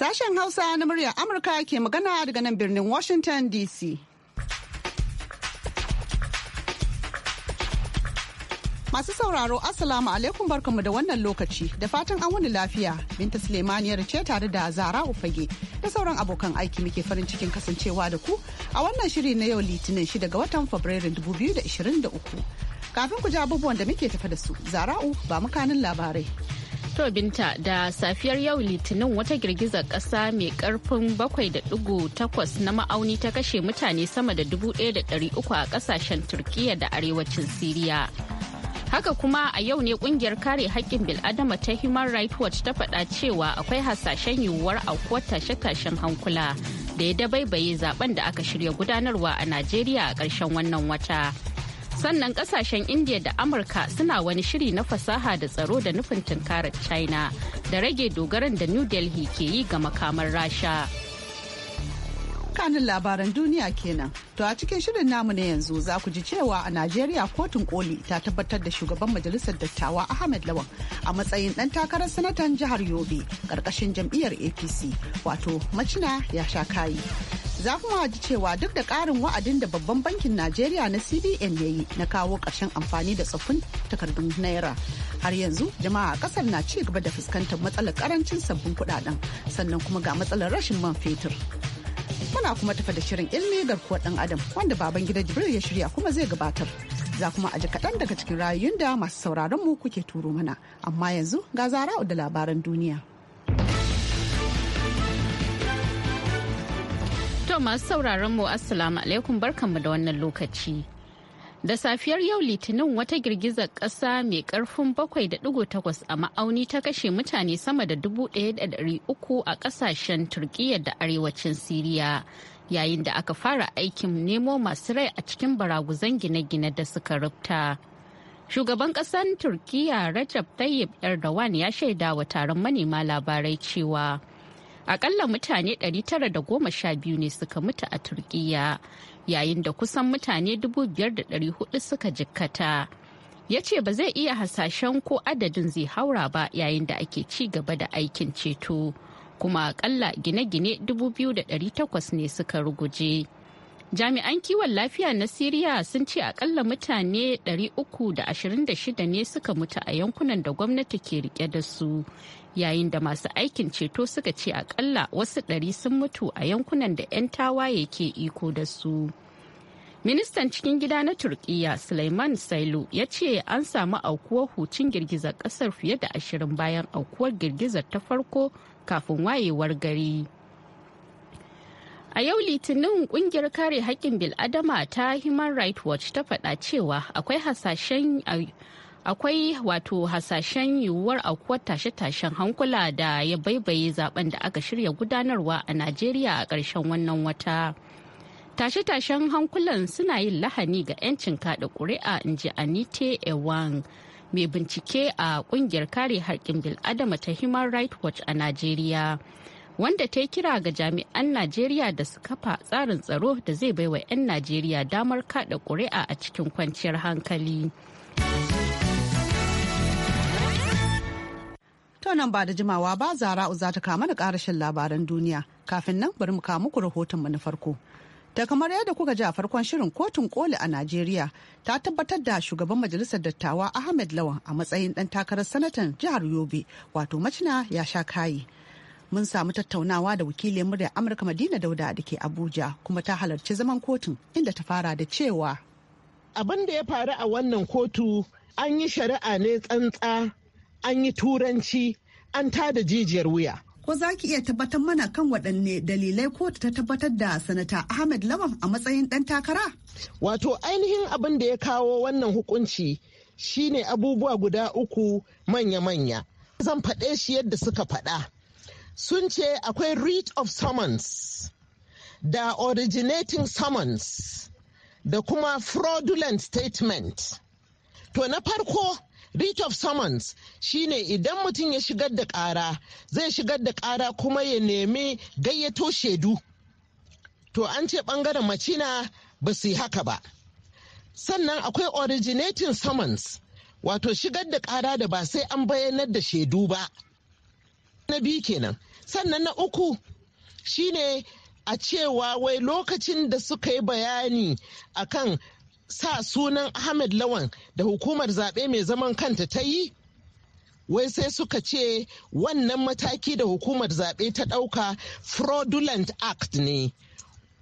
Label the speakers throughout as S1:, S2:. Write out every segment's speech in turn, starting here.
S1: Sashen Hausa na muryar Amurka ke magana daga nan birnin Washington DC. Masu sauraro Assalamu alaikum barkamu da wannan lokaci da fatan an wani lafiya Binta Sulemaniyar ce tare da Zara Ufage da sauran abokan aiki muke farin cikin kasancewa da ku a wannan shiri na yau Litinin 6 ga watan Fabrairun 2023. Kafin
S2: ku ji abubuwan da muke tafa da su, Zara'u ba mukanin labarai. To binta da safiyar yau litinin wata girgizar ƙasa mai ƙarfin 7.8 na ma'auni ta kashe mutane sama da 1,300 a ƙasashen Turkiyya da arewacin Siriya. Haka kuma a yau ne kungiyar kare haƙƙin bil'adama ta Human Rights Watch ta faɗa cewa akwai hasashen yiwuwar aukuwar tashe-tashen hankula da ya dabaibaye zaben da aka shirya gudanarwa a Najeriya a ƙarshen wannan wata. sannan kasashen india da amurka suna wani shiri na fasaha da tsaro da nufin tunkarar china da rage dogaran da new delhi ke yi ga makamar rasha kanin
S1: labaran duniya kenan. To a cikin shirin namu na yanzu za ku ji cewa a Najeriya kotun koli ta tabbatar da shugaban majalisar dattawa Ahmed Lawan a matsayin dan takarar sanatan jihar Yobe karkashin jam'iyyar APC wato macina ya sha kayi. Za kuma ji cewa duk da karin wa'adin da babban bankin Najeriya na CBN ya yi na kawo karshen amfani da tsoffin takardun naira. Har yanzu jama'a ƙasar na ci gaba da fuskantar matsalar karancin sabbin kuɗaɗen sannan kuma ga matsalar rashin man fetur. Muna kuma tafa da shirin ilmi garkuwar ɗan adam wanda baban gida Jibril ya shirya kuma zai gabatar. Za kuma aji kaɗan daga cikin rayuwar da masu sauraron mu kuke turo mana. Amma yanzu ga zara'u da labaran duniya.
S2: To masu sauraron mu Assalamu alaikum barkanmu da wannan lokaci. Da safiyar yau Litinin wata girgizar ƙasa mai ƙarfin 7.8 a ma'auni ta kashe mutane sama da 1,300 a ƙasashen Turkiyya da arewacin Siriya. Yayin da aka fara aikin nemo masu rai a cikin baraguzan gine-gine da suka rubta. Shugaban ƙasar Turkiyya Rajab Tayyip Erdogan ya shaida wa taron manema labarai cewa akalla mutane 912 ne suka mutu a Turkiyya. yayin da kusan mutane 5,400 suka jikkata. ya ce ba zai iya hasashen ko adadin zai haura ba yayin da ake ci gaba da aikin ceto kuma akalla gine-gine 2,800 ne suka ruguje. Jami'an kiwon lafiya na Siriya sun ce akalla mutane 326 ne suka mutu a yankunan da gwamnati ke rike da su. Yayin da masu aikin ceto suka ce akalla wasu ɗari sun mutu a yankunan da 'yan tawaye ke iko da su. Ministan cikin gida na Turkiyya Suleiman Sailu ya ce an samu aukuwar hucin girgizar kasar fiye da ashirin bayan aukuwar girgizar ta farko kafin wayewar gari. A yau Litinin kungiyar kare haƙƙin bil'adama ta Human Rights Watch ta faɗa cewa akwai hasashen akwai wato hasashen yiwuwar aukuwar tashe-tashen hankula da ya baibaye zaben da aka shirya gudanarwa a Najeriya a ƙarshen wannan wata. Tashe-tashen hankulan suna yin lahani ga 'yancin kaɗa ƙuri'a in ji Anite Ewang, mai bincike a kungiyar kare haƙƙin bil'adama ta Human Rights Watch a Najeriya. wanda ta yi kira ga jami'an najeriya da su kafa tsarin tsaro da zai baiwa 'yan najeriya damar kada ƙuri'a a cikin kwanciyar hankali To nan ba da jimawa
S1: ba zara za ta kama da ƙarashin labaran duniya kafin nan bari mu kawo muku rahotonmu na farko. Ta kamar yadda kuka ji a farkon shirin kotun koli a Najeriya ta tabbatar da shugaban majalisar dattawa Ahmed Lawan a matsayin ɗan takarar sanatan jihar Yobe wato macina ya sha kayi. mun samu tattaunawa da wakilin muryar amurka madina dauda da ke abuja kuma ta
S3: halarci zaman kotun inda ta fara da cewa abin da ya faru a wannan kotu an yi shari'a ne tsantsa an yi turanci an ta da jijiyar
S1: wuya ko za ki iya tabbatar mana kan waɗanne dalilai kotu ta tabbatar da sanata ahmed
S3: lawan a matsayin ɗan takara wato ainihin abin da ya kawo wannan hukunci shine abubuwa guda uku manya-manya zan faɗe shi yadda suka faɗa sun ce akwai writ of summons da originating summons da kuma fraudulent statement to na farko writ of summons shine idan mutum ya shigar da ƙara zai shigar da ƙara kuma ya nemi gayyato shaidu to an ce ɓangaren macina ba su yi haka ba sannan akwai originating summons wato shigar da ƙara da ba sai an bayyanar da shaidu ba na biyu kenan sannan na uku shine a cewa wai lokacin da suka yi bayani akan sa sunan ahmed lawan da hukumar zaɓe mai zaman kanta ta yi wai sai suka ce wannan mataki da hukumar zaɓe ta ɗauka fraudulent act ne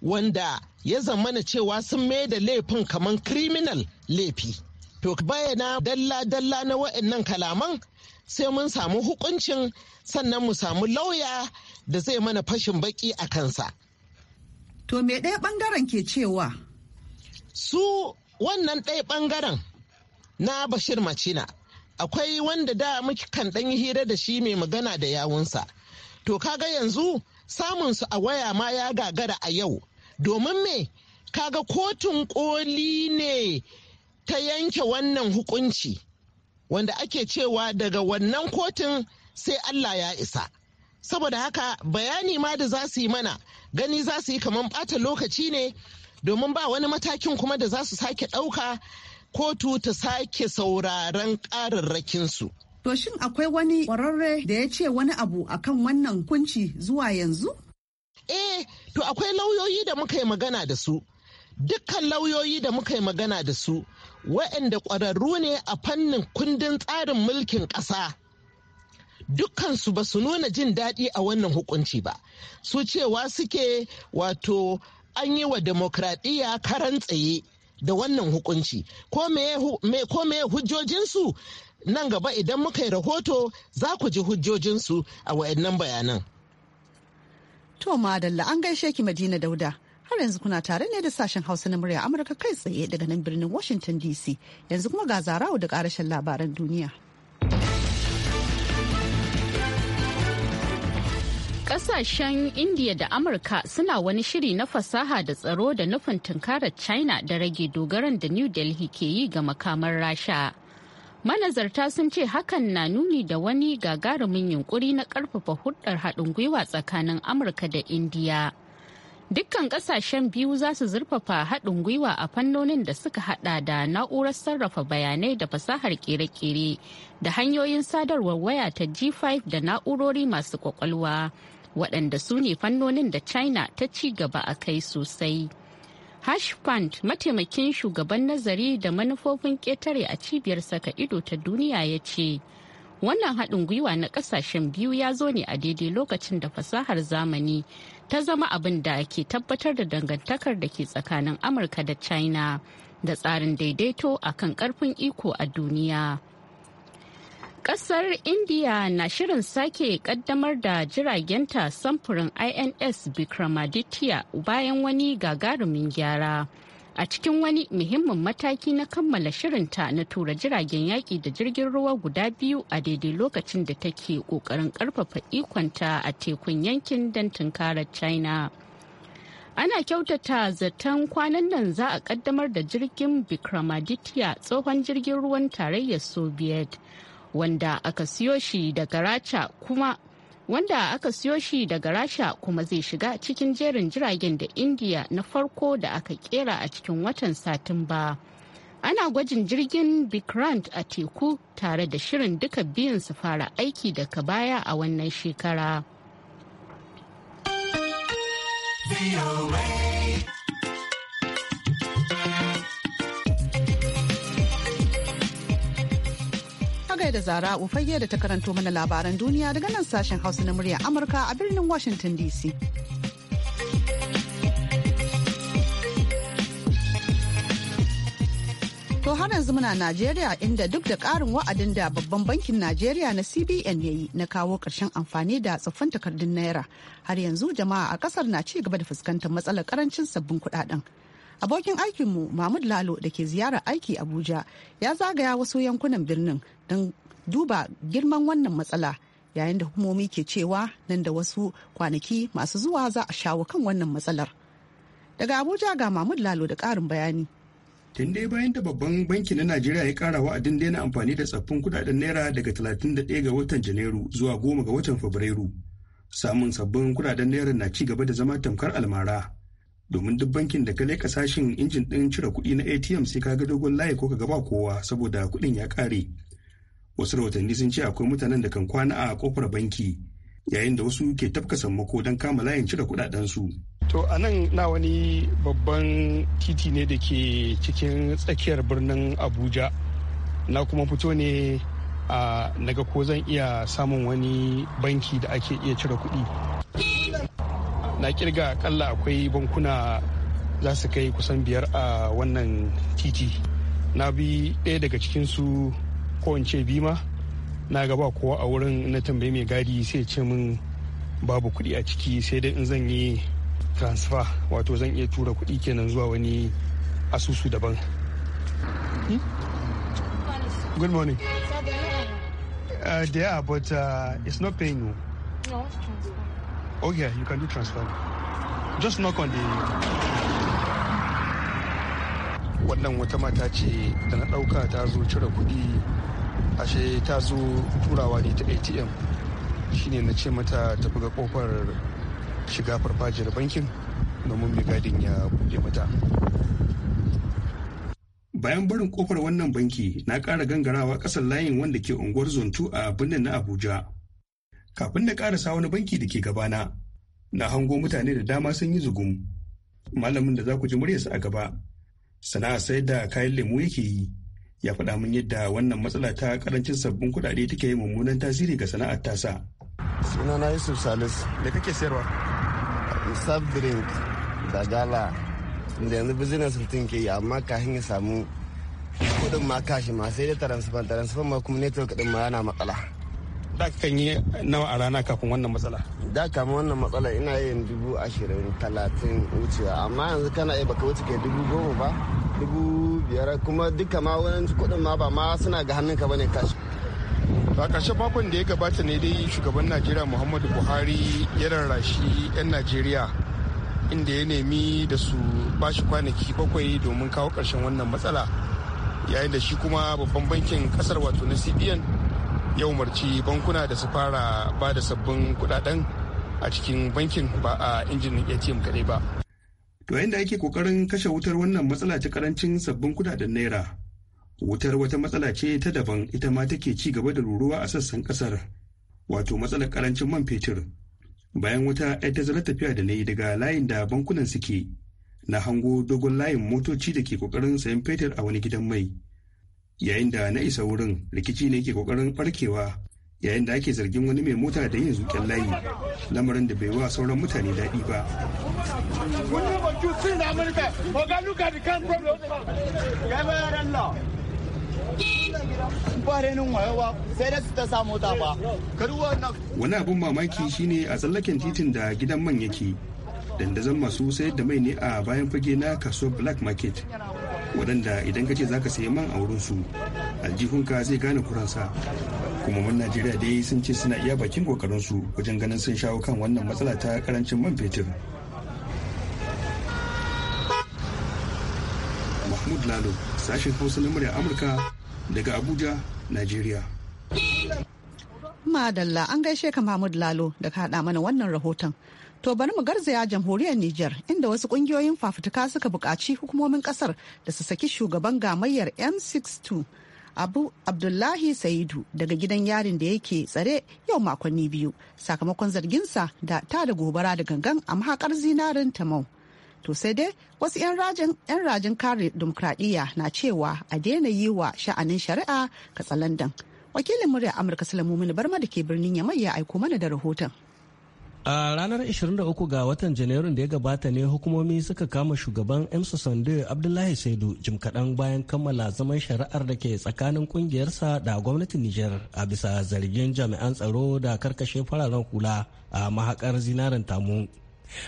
S3: wanda ya zamana cewa sun mai da laifin kamar criminal laifi to bayyana dalla-dalla na wa'annan kalaman sai mun samu hukuncin sannan mu samu lauya da zai mana fashin baki a kansa. To me ɗaya ɓangaren ke cewa? Su wannan ɗaya ɓangaren na Bashir Macina akwai wanda da muke kan ɗanyi hira da shi mai magana da yawunsa. To kaga yanzu samun su a waya ma ya gagara a yau domin me kaga kotun koli ne ta yanke wannan hukunci wanda ake cewa daga wannan kotun sai Allah ya isa. Saboda haka bayani ma da za su yi mana gani za su yi kamar ɓata lokaci ne domin ba wani matakin kuma da za su sake ɗauka kotu ta sake sauraron ƙararrakinsu. To shin akwai wani ƙwararre da ya ce wani abu akan wannan kunci zuwa yanzu? Eh, to akwai lauyoyi da muka yi magana da su. Dukkan lauyoyi da muka yi magana da su waɗanda ƙwararru ne a fannin kundin tsarin mulkin ƙasa dukkansu ba su nuna jin daɗi a wannan hukunci ba su cewa suke wato an yi wa demokradiyya karan tsaye da wannan hukunci ko me hujjojinsu nan gaba idan muka yi rahoto za ku ji hujjojinsu a wayannan bayanan.
S1: To madalla an gaishe ki Madina Dauda. har yanzu kuna tare ne da sashen hausa na murya amurka kai tsaye daga nan birnin washington dc yanzu kuma ga zarawo
S2: da karashen labaran duniya Kasashen Indiya da Amurka suna wani shiri na fasaha da tsaro da nufin tunkarar China da rage dogaran da New Delhi ke yi ga makamar Rasha. Manazarta sun ce hakan na nuni da wani gagarumin yunkuri na karfafa hulɗar haɗin gwiwa tsakanin Amurka da Indiya. Dukkan kasashen biyu za su zurfafa haɗin gwiwa a fannonin da suka hada da na'urar sarrafa bayanai da fasahar kere-kere da hanyoyin sadarwar waya ta G5 da na'urori masu kwakwalwa waɗanda su ne fannonin da China ta ci gaba a kai sosai. hashfant mataimakin shugaban nazari da manufofin ƙetare a cibiyar saka ido ta duniya ya ce, wannan haɗin gwiwa na ƙasashen biyu ya zo ne a daidai lokacin da fasahar zamani ta zama abin da ke tabbatar da dangantakar da ke tsakanin amurka da china da tsarin daidaito a kan karfin iko a duniya kasar india na shirin sake kaddamar da jiragenta samfurin ins bikramaditya bayan wani gagarumin gyara a cikin wani muhimmin mataki na kammala shirinta na tura jiragen yaƙi da jirgin ruwa guda biyu a daidai lokacin da take ƙoƙarin ƙarfafa ikonta a tekun yankin don tunkarar china ana kyautata zaton kwanan nan za a kaddamar da jirgin bikramaditya tsohon jirgin ruwan tarayyar soviet wanda aka siyo shi daga racha kuma wanda aka siyo shi daga rasha kuma zai shiga cikin jerin jiragen da indiya na farko da aka kera a cikin watan satumba ana gwajin jirgin bikrant a teku tare da shirin duka biyun su fara aiki daga baya a wannan shekara.
S1: da zara ufayye da ta karanto mana labaran duniya daga nan sashen hausa na murya amurka a birnin washington dc To har yanzu muna Najeriya inda duk da ƙarin wa'adin da babban bankin Najeriya na CBN ya yi na kawo ƙarshen amfani da tsoffin takardun naira har yanzu jama'a a ƙasar na ci gaba da fuskantar matsalar ƙarancin sabbin kuɗaɗen. Abokin aikinmu Mahmud Lalo da ke ziyarar aiki Abuja ya zagaya wasu yankunan birnin don duba girman wannan matsala yayin da hukumomi ke cewa nan da wasu kwanaki masu zuwa za a shawo kan wannan matsalar. Daga Abuja ga Mahmud Lalo da karin bayani.
S4: tun dai bayan da babban banki na najeriya ya kara wa'adin daina amfani da tsaffin kudaden naira daga 31 ga watan janairu zuwa 10 ga watan fabrairu samun sabbin kudaden naira na ci gaba da zama tamkar almara domin duk bankin da ka leka sashin injin ɗin cire kuɗi na atm sai ka ga dogon layi ko ka gaba kowa saboda kuɗin ya ƙare wasu rahotanni sun ce akwai mutanen da kan kwana a kofar banki yayin da wasu ke tafka sammako don kama layin cire su. to a nan na wani babban titi ne da ke cikin tsakiyar birnin abuja na kuma fito ne a naga ko zan iya samun wani banki da ake iya cire kuɗi na kirga akalla akwai bankuna za su kai kusan biyar a wannan titi na bi ɗaya daga cikinsu kowance bima ma na gaba kowa a wurin na tambayi mai gadi sai ce min babu kuɗi a ciki sai dai in zan yi transfer wato zan iya tura kuɗi kenan zuwa wani asusu daban good morning uh, there but uh, it's not paying you no, Oh yeah, you can do transfer. Just knock on the wannan wata mata ce da na ɗauka ta zo cire kuɗi ashe ta zo turawa ne ta atm shine na ce mata ta buga kofar shiga farfajiyar bankin domin mai gadin ya buɗe mata bayan barin kofar wannan banki na ƙara gangarawa ƙasar layin wanda ke unguwar zontu a birnin na abuja kafin na karasa wani banki da ke gabana na hango mutane da dama sun yi zugum malamin da za ku ji muryarsa a gaba sana'a sai da kayan lemu yake yi ya faɗa min yadda wannan matsala ta karancin sabbin kuɗaɗe take yi mummunan tasiri ga sana'ar tasa sunana
S5: yusuf salis da kake sayarwa sub drink da gala da yanzu business mutum ke yi amma kafin ya samu kuɗin ma kashi ma sai da transfer transfer ma kuma network ɗin ma yana matsala da kan yi nawa a rana kafin wannan matsala da kama wannan matsala ina yin dubu ashirin talatin wucewa amma yanzu kana iya baka wuce kai dubu goma ba dubu biyar kuma duka ma wani kudin ma ba ma
S4: suna ga hannunka bane kashi a karshen makon da ya gabata ne dai shugaban najeriya muhammadu buhari ya rarrashi 'yan najeriya inda ya nemi da su bashi kwanaki bakwai domin kawo karshen wannan matsala yayin da shi kuma babban bankin kasar wato na cbn yau umarci bankuna da su fara ba da sabbin kudaden a cikin bankin ba a injin atm kadai ba to yadda ake kokarin kashe wutar wannan matsala ta karancin sabbin kudaden naira wutar wata matsala ce ta daban ita ma take ci gaba da ruruwa a sassan kasar wato matsalar karancin man fetur bayan wata ya tazarar tafiya da na yi daga layin da bankunan suke na hango dogon layin motoci da ke kokarin sayan fetur a wani gidan mai yayin da na isa wurin rikici ne ke kokarin barkewa yayin da ake zargin wani mai mota da yin zuƙen layi lamarin da bai wa sauran mutane daɗi ba wani abin mamaki shine a tsallaken titin da gidan man yake dandazon masu sayar da mai ne a bayan fage na kasuwar black market waɗanda idan ka ce za ka sayi man a su aljihunka zai gane kuransa kuma mun najeriya dai sun ce suna iya bakin su wajen ganin sun shawo kan wannan matsala ta karancin man fetur mahmud lalo sashen hausa na murya amurka daga abuja najeriya
S1: madalla an gaishe ka mahmud lalo da ka haɗa mana wannan rahoton To bari mu garzaya jamhuriyar Nijar inda wasu kungiyoyin fafutuka suka bukaci hukumomin ƙasar da su saki shugaban gamayyar M62 Abu Abdullahi Saidu daga gidan yarin da yake tsare yau makonni biyu sakamakon zarginsa da ta da gobara da gangan a mahakar zinarin tamau. To sai dai wasu 'yan rajin kare dimokuraɗiyya na cewa a daina yi wa sha'anin shari'a katsalandan. Wakilin murya Amurka Sulaimu Barma da ke birnin Yamai ya aiko mana da rahoton.
S6: a ranar 23 ga watan janairun da ya gabata ne hukumomi suka kama shugaban emsa sande abdullahi saidu jim kaɗan bayan kammala zaman shari'ar da ke tsakanin kungiyarsa da gwamnatin niger a bisa zargin jami'an tsaro da karkashe fararen hula a mahakar zinarin tamu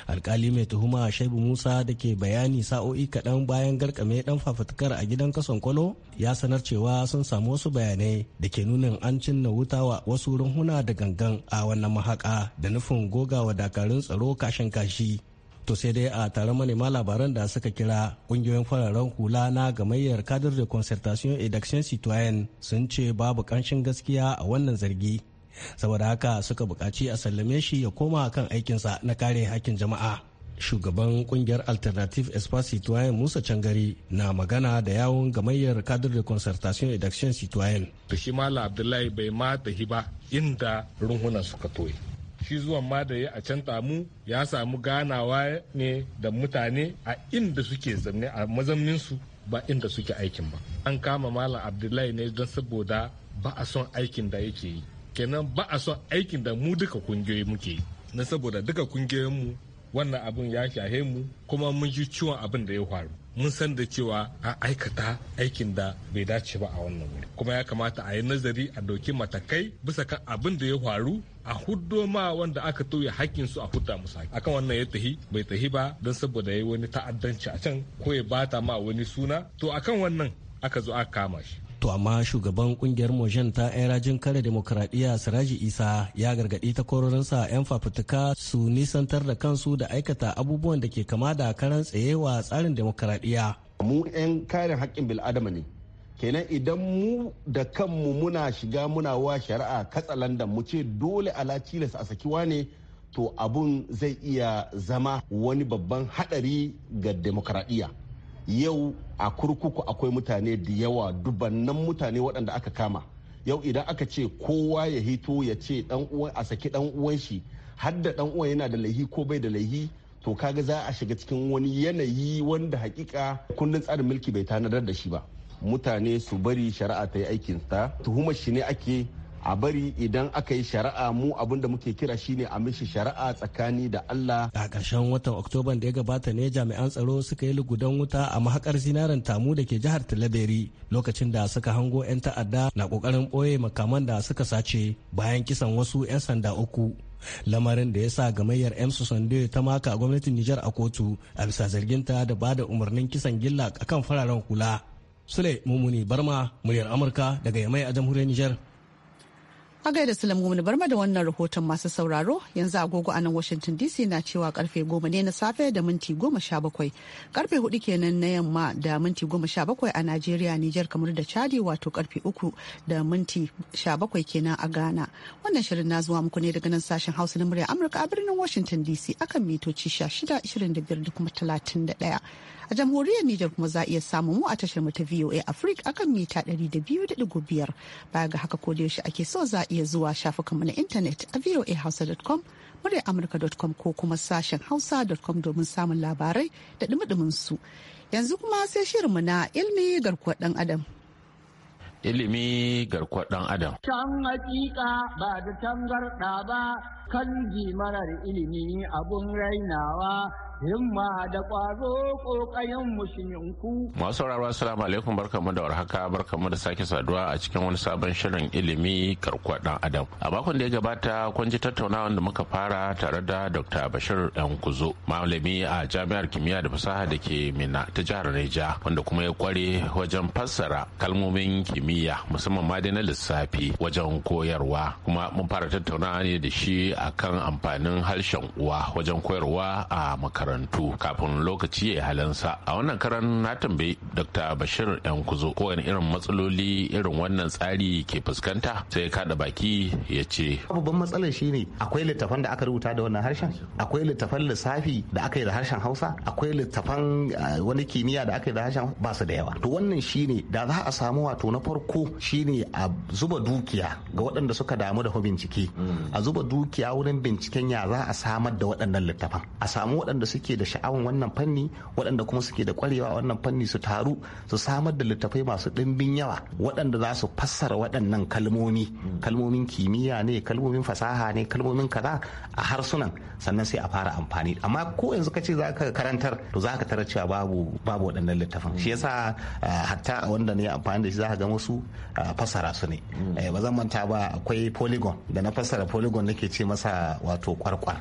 S6: alkali mai tuhuma shaibu musa da ke bayani sa'o'i kaɗan bayan garkame ɗan fafutukar a gidan kason kwalo ya sanar cewa sun samu wasu bayanai da ke nunin an cinna wuta wa wasu runhuna da gangan a wannan mahaƙa da nufin goga wa dakarun tsaro kashin kashi to sai dai a taron manema labaran da suka kira ƙungiyoyin fararen hula na gamayyar kadar da concertation et d'action citoyen sun ce babu ƙanshin gaskiya a wannan zargi saboda haka suka buƙaci a sallame shi ya koma kan aikinsa na kare hakkin jama'a shugaban kungiyar alternative espace citoyen musa cangari na magana da yawon gamayyar kadar da concertation et d'action citoyen
S4: to shi mala abdullahi bai ma da ba inda runhunan suka toye shi zuwan ma da ya a can tamu ya samu ganawa ne da mutane a inda suke zamne a su ba inda suke aikin ba an kama malam abdullahi ne don saboda ba a son aikin da yake yi kenan ba a son aikin da mu duka kungiyoyi muke yi na saboda duka mu wannan abin ya shahe mu kuma mun ji ciwon abin da ya faru mun san da cewa a aikata aikin da bai dace ba a wannan wuri kuma ya kamata a yi nazari a dauki matakai bisa kan abin da ya faru a huddo ma wanda aka tauye hakkin su a huta musu kan wannan ya tahi bai tahi ba don saboda yayi wani ta'addanci a can ko ya bata ma wani suna to akan wannan aka zo aka kama shi
S6: To amma shugaban kungiyar Mojen ta 'yan rajin kare demokradiyya Siraji Isa ya gargaɗi kororinsa 'yan fafutuka su nisantar da kansu da aikata abubuwan da ke kama da karan tsayewa tsarin demokradiyya.
S7: Mu 'yan kare haƙƙin bil'adama ne. kenan idan mu da kanmu muna shiga muna wa shari'a katsalandan mu ce dole ala tilas a sakiwa ne to abun zai iya zama wani babban haɗari ga demokradiyya. yau a kurkuku akwai mutane da yawa dubannan mutane waɗanda aka kama yau idan aka ce kowa ya hito ya ce a saki ɗan uwan shi har da uwan yana da laihi ko bai da laihi to kaga za a shiga cikin wani yanayi wanda hakika kundin tsarin mulki bai tanadar da shi ba mutane su bari shari'a ta yi aikinta tuhumar shi ne ake a bari idan aka yi shari'a mu da muke kira shine a mishi shari'a tsakani da Allah.
S6: A ƙarshen watan Oktoban da ya gabata ne jami'an tsaro suka yi lugudan wuta a mahakar zinaren tamu da ke jihar Talaberi lokacin da suka hango 'yan ta'adda na ƙoƙarin ɓoye makaman da suka sace bayan kisan wasu 'yan sanda uku. lamarin da ya sa gamayyar emsu sande ta maka gwamnatin nijar a kotu a bisa zarginta da ba da umarnin kisan gilla akan fararen kula sule Mumuni barma muryar amurka daga yamai a jamhuriyar nijar
S1: A gaida Sulaimu barma da wannan rahoton masu sauraro yanzu agogo a nan Washington DC na cewa karfe goma ne na safe da minti goma sha bakwai. Karfe hudu kenan na yamma da minti goma sha bakwai a Najeriya, Nijar kamar da Chadi wato karfe uku da minti sha bakwai kenan a Ghana. Wannan shirin na zuwa muku ne daga nan sashen Hausa na murya Amurka a birnin Washington DC akan mitoci sha shida ishirin da biyar da kuma talatin da daya. A jamhuriyar Nijar kuma za a iya samun mu a tashar mu ta VOA Africa akan mita 200.5. Baya ga haka ko da yaushe ake so za a iya zuwa mu na intanet a voahausa.com muryar amurka.com ko kuma sashen hausa.com domin samun labarai da dumudumin su yanzu kuma sai shirin mu na ilmi garkuwar dan adam
S8: ilimi garkuwar dan adam
S1: can hakika ba da tangarda ba kan
S7: marar ilimi abun rainawa himma da ƙwazo ƙoƙayen mushinku.
S8: Masu sauraro assalamu alaikum barkamu da warhaka barkamu da sake saduwa a cikin wani sabon shirin ilimi karkuwa dan adam. A makon da ya gabata kun ji tattaunawa da muka fara tare da Dr. Bashir Ɗankuzo, malami a Jami'ar Kimiyya da Fasaha da ke Minna ta jihar Neja wanda kuma ya kware wajen fassara kalmomin kimiyya musamman ma dai na lissafi wajen koyarwa kuma mun fara tattaunawa ne da shi akan amfanin harshen uwa wajen koyarwa a makaranta. makarantu kafin lokaci ya halansa a wannan karan na tambayi dr bashir yan kuzo kowane irin matsaloli irin wannan tsari ke fuskanta sai kada baki ya ce
S5: babban matsalar shine akwai littafan da aka rubuta da wannan harshen akwai littafan lissafi da aka yi da harshen hausa akwai littafan eh, wani kimiyya da aka yi da harshen ba su da yawa to wannan shine da za a samu wato na farko shine a zuba dukiya ga waɗanda suka damu da bincike mm. a zuba dukiya wurin binciken ya za a samar da waɗannan littafan a samu waɗanda su suke da sha'awan wannan fanni waɗanda kuma suke da kwarewa wannan fanni su taru su samar da littafai masu ɗimbin yawa waɗanda za su fassara waɗannan kalmomi kalmomin kimiyya ne kalmomin fasaha ne kalmomin kaza a harsunan sannan sai a fara amfani amma ko yanzu ka ce za ka karantar to za ka tarar cewa babu babu waɗannan littafin shi yasa eh, hatta wanda ne amfani da shi za ka ga wasu eh, fassara su ne eh, ba zan manta ba akwai polygon da na fassara polygon nake ce masa wato kwarkwar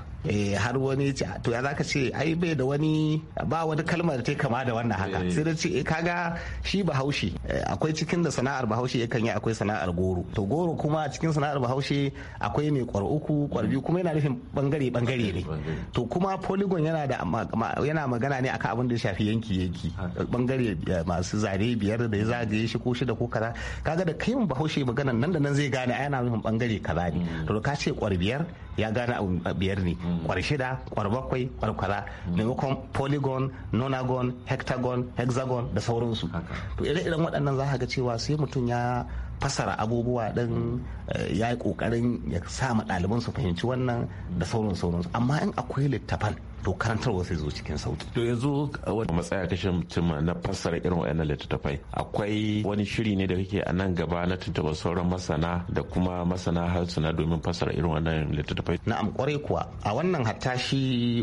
S5: har wani to ya za ka ce ai ai bai da wani ba wani kalmar da ta kama da wannan haka eh. sai da ce eh, kaga shi bahaushe eh, akwai cikin da sana'ar bahaushe yakan yi akwai sana'ar goro to goro kuma a cikin sana'ar bahaushe akwai mai kwar uku kwar biyu kuma yana nufin bangare bangare ne to kuma polygon yana da yana magana ne akan abin da ya shafi yanki yanki bangare masu zare biyar da ya zagaye shi ko shida ko kaza kaga da kai bahaushe maganan nan da nan zai gane yana nufin bangare kaza ne mm. to ka ce kwar biyar ya gane abu biyar ne hmm. kwar shida kwar bakwai kwar kwara hmm. maimakon polygon nonagon hectagon hexagon da sauransu to ire-iren waɗannan za ga cewa sai mutum ya fasara abubuwa ɗin eh, ya yi ƙoƙarin ya sa ma ɗaliban su fahimci wannan da sauran sauransu amma in akwai littafan to karantarwa sai zo cikin sauti.
S8: to yanzu wani matsaya kashe mutum na fassara irin wayannan littattafai akwai wani shiri ne da kake a nan gaba na tuntuɓa sauran masana da kuma masana harsuna domin fassara irin wannan littattafai na'am kwarai kuwa
S5: a wannan hatta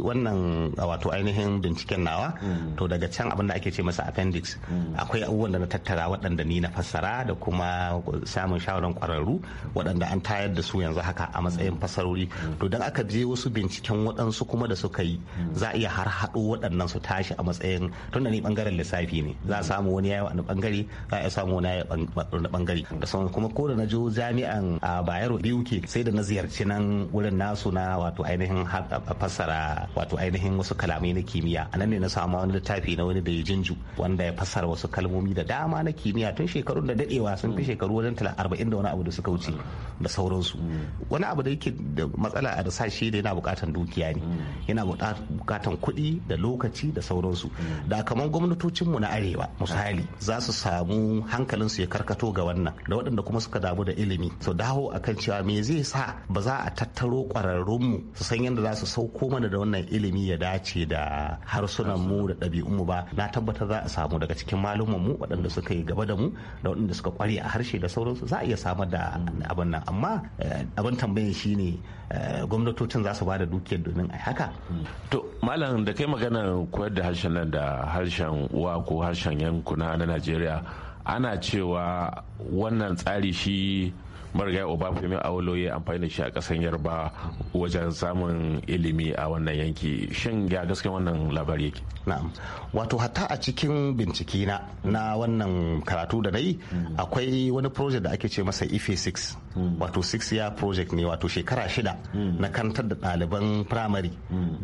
S5: wannan wato ainihin binciken nawa to daga can abin da ake ce masa appendix akwai abubuwan da na tattara waɗanda ni na fassara da kuma samun shawaran kwararru waɗanda an tayar da su yanzu haka a matsayin fassarori. to don aka je wasu binciken waɗansu kuma da suka yi za a iya har haɗo waɗannan su tashi a matsayin tun da ni bangaren lissafi ne za a samu wani yayi wani bangare za a samu wani yayi wani bangare da sauran kuma ko da na jo jami'an a Bayero biyu ke sai da na ziyarci nan wurin nasu na wato ainihin fassara wato ainihin wasu kalamai na kimiyya a nan ne na samu wani littafi na wani da ya jinju wanda ya fassara wasu kalmomi da dama na kimiyya tun shekarun da daɗewa sun fi shekaru wajen arba'in da wani abu da suka wuce da sauransu wani abu da yake da matsala a da sashi da yana bukatan dukiya ne yana bukatar bukatan kuɗi da lokaci da sauransu mm. da kamar gwamnatocinmu na arewa misali ah. za su samu su ya karkato ga wannan da waɗanda kuma suka damu da ilimi su dawo akan cewa me zai sa ba za a tattaro kwararrunmu su san yadda za su sauko mana da wannan ilimi ya dace da harsunanmu da ɗabi'unmu ba na tabbatar za a samu daga cikin malumanmu waɗanda suka yi gaba da mu da waɗanda suka kware a harshe da sauransu za a iya samar da abin nan amma eh, abin tambayin shine eh, gwamnatocin za su ba da dukiyar domin a haka mm.
S8: to malam da kai magana koyar da harshen nan da harshen uwa ko harshen yankuna na najeriya ana cewa wannan tsari shi marigayi a awolo ya amfani da shi a kasan yarba wajen samun ilimi a wannan yanki shin ya gaske wannan labari yake na'am wato hatta
S5: a cikin bincike na na wannan karatu da nayi akwai wani project da ake ce masa ife 6 wato 6 year project ne wato shekara shida na kantar da ɗaliban primary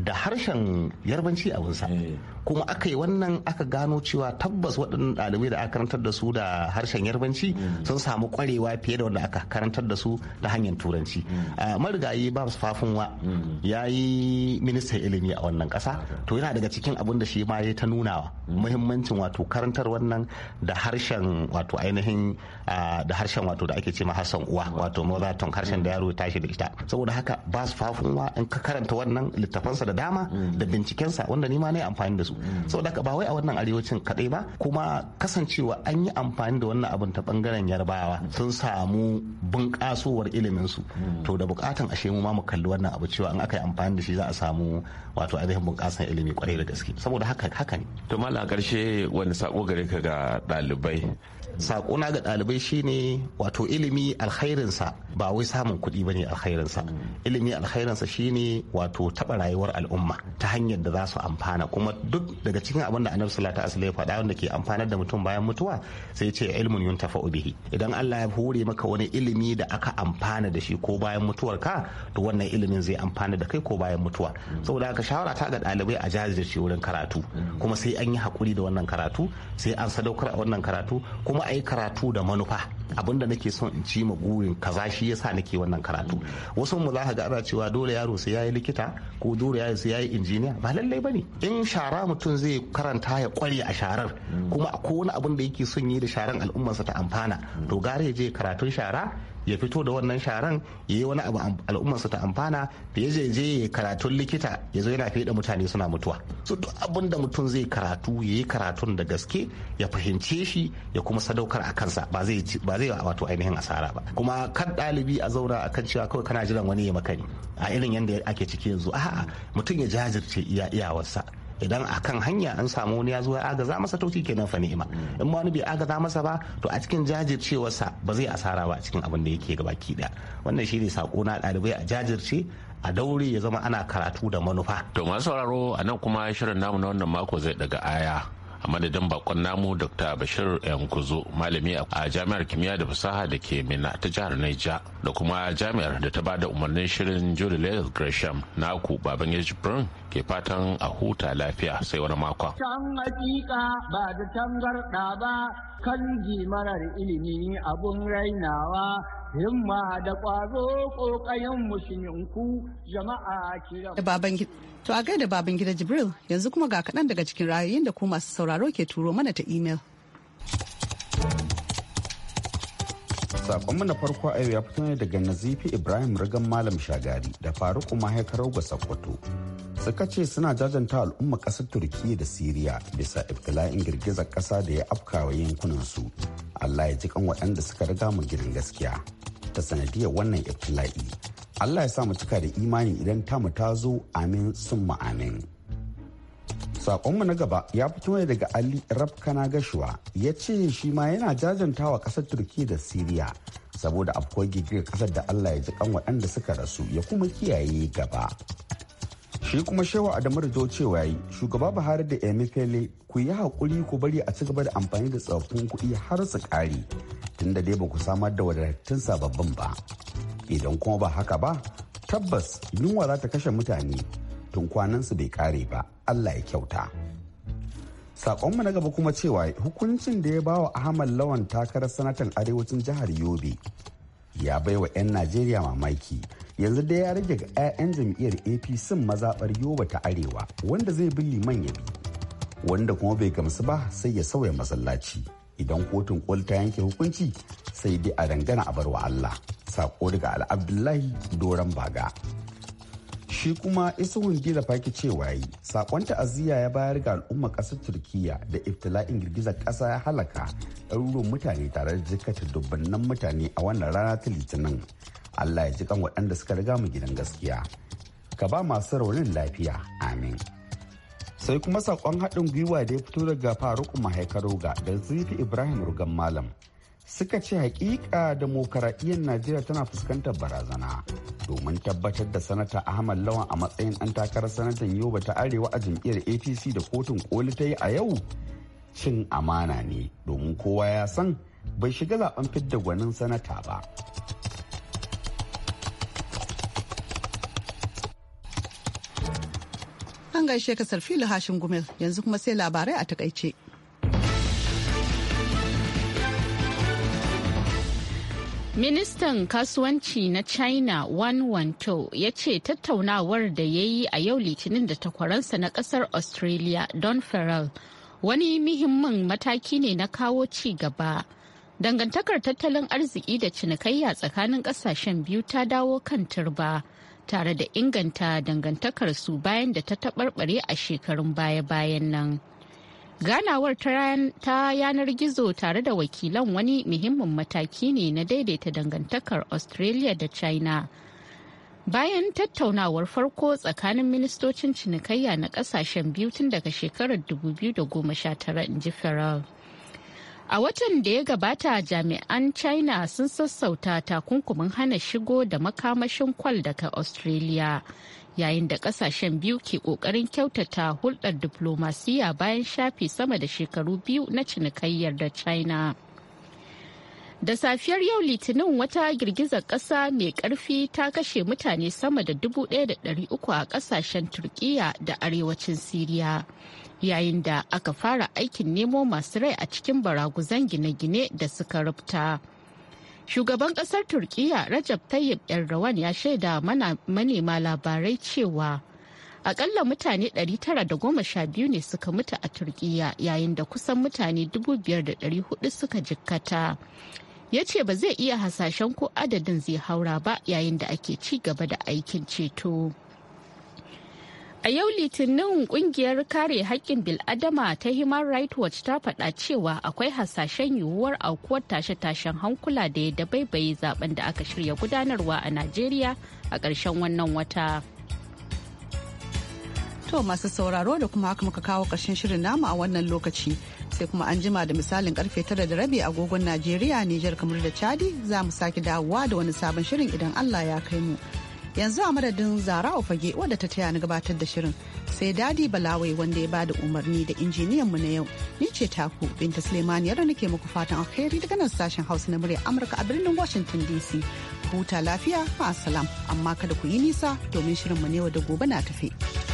S5: da harshen yarbanci a wunsa eh. kuma aka yi wannan aka gano cewa tabbas waɗannan ɗalibai da aka karantar da su da harshen yarbanci sun samu ƙwarewa fiye da wanda aka karantar da su da hanyar turanci mm. ah, marigayi fafin fafunwa mm. ya yi ministan ilimi a wannan ƙasa to yana daga cikin abin da shi ma ya ta nunawa mm. muhimmancin wato karantar wannan da harshen wato ainihin ah, da harshen wato da ake ce ma harshen uwa wato mother harshen da yaro ya tashi da ita saboda haka ba fafin fafunwa in ka karanta wannan littafansa da dama da bincikensa wanda ni ma na yi amfani da su su saboda haka ba wai a wannan arewacin kadai ba kuma kasancewa an yi amfani da wannan abin ta bangaren yarbawa sun samu bunƙasowar ilimin su to da bukatan ashe mu ma mu kalli wannan abu cewa in aka yi amfani da shi za a samu wato ainihin bunkasan ilimi kwarai da gaske saboda haka haka ne to mallaka karshe wani sako gare ka ga ɗalibai sakona ga ɗalibai shine wato ilimi alkhairinsa ba wai samun kuɗi ba ne alkhairinsa ilimi alkhairinsa shine wato taɓa rayuwar al'umma ta hanyar da za su amfana kuma duk daga cikin abin da annabi sallallahu alaihi wasallam ya faɗa wanda ke amfanar da mutum bayan mutuwa sai ya ce ilmun yuntafa'u bihi idan Allah ya hore maka wani ilimi da aka amfana da shi ko bayan mutuwar ka to wannan ilimin zai amfana da kai ko bayan mutuwa saboda haka shawara ta ga ɗalibai a jajirce wurin karatu kuma sai an yi hakuri da wannan karatu sai an sadaukar a wannan karatu kuma kuma a karatu da manufa abin da nake son in ci ma gurin kaza shi yasa nake wannan karatu wasu mu za ka ga ana cewa dole yaro sai yayi likita ko dole yaro sai yayi injiniya ba lallai bane in shara mutum zai karanta ya kware a sharar kuma akwai wani abin da yake son yi da sharan al'ummarsa ta amfana to gare je karatun shara ya fito da wannan sharan ya yi wani abu al'ummarsa ta amfana da ya je je karatun likita ya zo yana fiye mutane suna mutuwa su duk abin da mutum zai karatu ya yi karatun da gaske ya fahimce shi ya kuma sadaukar a kansa ba zai wato ainihin asara ba kuma kan ɗalibi a zauna a kan cewa kawai kana jiran wani ya makani a irin yadda ake ciki yanzu a'a mutum ya jajirce iya iyawarsa idan a kan hanya an samu wani ya zo ya agaza masa to kenan nan ni'ima in ma wani bai agaza masa ba to a cikin jajircewarsa ba zai asara ba a cikin abin da yake gabaki daya wannan shine sako na ɗalibai a jajirce a daure ya zama ana karatu da manufa
S8: to masu sauraro a nan kuma shirin namu na wannan mako zai daga aya a madadin bakon namu dr bashir yankuzo malami a jami'ar kimiyya da fasaha da ke mina ta jihar naija da kuma jami'ar da ta bada umarnin shirin julie gresham na ku baban yajibirin ke fatan a huta lafiya sai wani makon.
S7: can hakika ba da ba kan marar ilimi abun rainawa himma da ƙwazo ƙoƙayen musulminku jama'a
S1: kira. baban To a gaida baban gida Jibril yanzu kuma ga kaɗan daga cikin ra'ayoyin da ku masu sauraro ke turo mana ta imel.
S7: Sakonmu na farko a yau ya fito ne daga Nazifi Ibrahim Rigan Malam Shagari da Faruku Mahaikarau ga Sokoto. Suka ce suna jajanta al'umma kasar Turkiyya da Siriya bisa ibtila'in girgizar ƙasa da ya afkawa su Allah ya ji kan waɗanda suka riga mu girin gaskiya ta sanadiyar wannan ibtila'i. Allah ya sa mu cika da imani idan tamu ta zo amin sun amin. Sakonmu na gaba ya fito ne daga Ali Rabkana Gashuwa ya ce shi ma yana jajanta jajantawa ƙasar turki da Siriya saboda afkuwar girgiyar ƙasar da Allah ya ji kan waɗanda suka rasu ya kuma kiyaye gaba. Shi kuma shewa Adamu Rijo cewa yi shugaba Buhari da Emefiele ku yi haƙuri ku bari a ci gaba da amfani da tsoffin kuɗi har su ƙare tunda dai ba ku samar da wadatattun sababbin ba. Idan kuma ba haka ba tabbas yunwa za ta kashe mutane tun su bai kare ba allah ya kyauta sakonmu na gaba kuma cewa hukuncin da ya bawa wa ahmad lawan takarar sanatan arewacin jihar yobe ya baiwa 'yan najeriya mamaki yanzu da ya rage ga 'ya'yan jam'iyyar apc mazaɓar yobe ta arewa wanda zai bi liman ya bi wanda kuma bai gamsu ba sai ya sauya masallaci idan kotun kol ta yanke hukunci sai dai a dangana a barwa allah sako daga al'abdullahi doron baga shi kuma isuhun gila faki cewa yi sakon ta'aziyya ya bayar ga al'umma kasar turkiya da iftila'in girgizar kasa ya halaka ɗaruruwan mutane tare da jikata dubbannan mutane a wannan rana ta litinin allah ya ji kan waɗanda suka riga mu gidan gaskiya ka ba masu raunin lafiya amin sai kuma sakon haɗin gwiwa da ya fito daga faruk mahaikaroga da zifi ibrahim rugan malam suka ce hakika demokaradiyyar najeriya tana fuskantar barazana domin tabbatar da sanata ahmad lawan a matsayin an takarar sanatan yoba ta arewa a jam'iyyar apc da kotun koli ta yi a yau cin amana ne domin kowa ya san bai shiga zaben fidda gwanin sanata ba
S1: an gaishe kasar filu hashin gumel yanzu kuma sai labarai a takaice
S2: Ministan kasuwanci na China Wan Wanto ya ce tattaunawar da ya yi a yau litinin da takwaransa na kasar Australia Don Farrell wani muhimmin mataki ne na kawo ci gaba. Dangantakar tattalin arziki da cinikayya tsakanin kasashen biyu ta dawo kan turba tare da inganta dangantakar su bayan da ta taɓarɓare a shekarun baya-bayan nan. ganawar ta yanar gizo tare da wakilan wani muhimmin mataki ne na daidaita dangantakar australia da china bayan tattaunawar farko tsakanin ministocin cinikayya na kasashen biyu tun daga shekarar 2019 inji firal. A watan da ya gabata jami'an China sun sassauta takunkumin hana shigo da makamashin kwal daga Australia. Yayin da kasashen biyu ke kokarin kyautata hulɗar diplomasiya bayan shafe sama da shekaru biyu na cinikayyar da China. Da safiyar yau Litinin wata girgizar ƙasa mai karfi ta kashe mutane sama da 1,300 a ƙasashen Turkiyya da arewacin Siriya. Yayin da aka fara aikin nemo masu rai a cikin baraguzan gine-gine da suka rubta. Shugaban ƙasar Turkiyya Rajab Tayyip rawan ya shaida manema labarai cewa akalla mutane 912 ne suka mutu a turkiya yayin da kusan mutane 5,400 suka jikkata ya ce ba zai iya hasashen ko adadin zai haura ba yayin da ake ci gaba da aikin ceto. A yau Litinin kungiyar kare haƙƙin bil'adama ta Human Rights Watch ta faɗa cewa akwai hasashen yiwuwar aukuwar tashe-tashen hankula da ya dabaibaye zaben da aka shirya gudanarwa a Najeriya a ƙarshen wannan wata.
S1: To masu sauraro da kuma haka muka kawo ƙarshen shirin nama a wannan lokaci. sai kuma an jima da misalin karfe tara da rabi agogon Najeriya, Nijar kamar da Chadi za mu sake dawowa da wani sabon shirin idan Allah ya kai mu. Yanzu a madadin Zara Ofage wadda ta taya ni gabatar da shirin sai Dadi Balawai wanda ya bada umarni da injiniyan mu na yau. Ni ce taku Binta Suleiman yadda nake muku fatan alheri daga nan sashen Hausa na murya Amurka a birnin Washington DC. Huta lafiya, ma'asalam, amma kada ku yi nisa domin shirin mu ne da gobe na tafi.